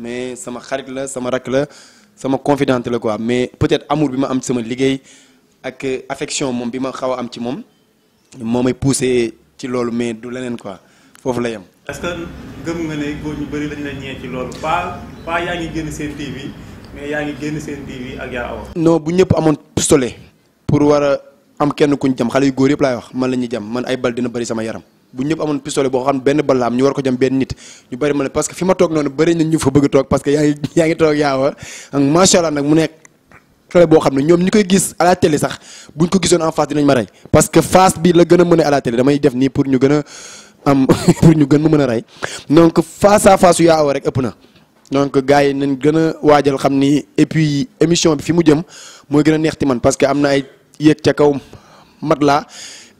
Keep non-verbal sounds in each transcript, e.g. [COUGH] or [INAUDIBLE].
mais sama xarit la sama rak la sama confidente la quoi mais peut-être amour bi ma am ci sama liguey ak affection mom bi ma xaw am ci mom momay pousser ci lolu mais du leneen quoi fofu la yam est-ce que gëm nga ne góor ñu bëri lañ la ñé ci lolu pas pa yaa ngi génn seen TV mais yaa ngi génn seen TV ak yaa awa. non bu ñepp amoon pistolet pour wara am kenn kuñ jam xalé yu góor yëpp laay wax man lañu jam man ay bal dina bari sama yaram. bu ñëpp amoon pistolet boo xam benn balaam ñu war ko jam benn nit ñu bëri ma que fi ma toog noonu bëri na ñu fa bëgg toog parce que yaa ngi yaa ngi toog yaawa boo xam ne ñoom ñi koy gis à la sax buñ ko gisoon en face dinañ ma rey parce que face bi la gën a mën a à def nii pour ñu gën am [LAUGHS] pour ñu gën ma mën a rey donc face à face yu rek ëpp na donc gars yi nañ gën a waajal xam ni et puis émission bi fi mu jëm mooy gën a neex ci man parce que am na ay yéeg ca kaw mat laa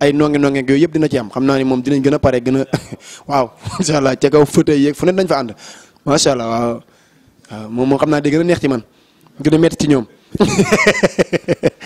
ay nonge nonge yooyu yëpp dina ci am xam naa ne moom dinañ gën a pare gën a [LAUGHS] waaw incha allah ca kaw fauteuil yeeg fu ne dañ fa ànd macha allah waaw moom moo xam naa di gën a neex ci man gën a metti ci ñoom [LAUGHS]